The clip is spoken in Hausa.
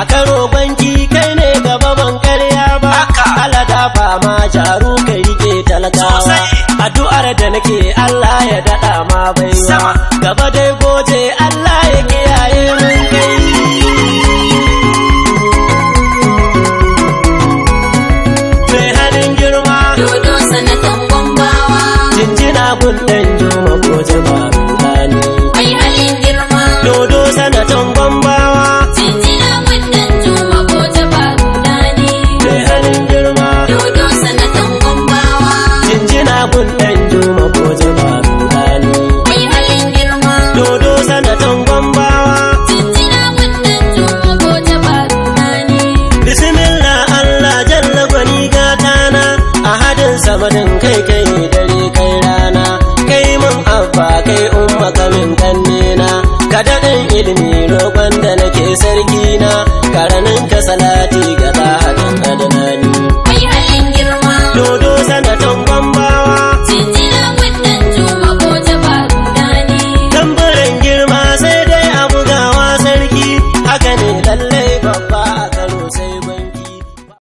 a karo banki kai ne gaba ban karya ba ala ba ma jaru ka rike talakawa addu'ar da nake Allah ya dada ma baiwa gaba dai goje Allah ya kiyaye mun kai Jinjina kun abadin kai kai dare kai rana kai mun abba kai umma kamin kannena ka daɗin ilimi roƙon da nake sarki na karanin ka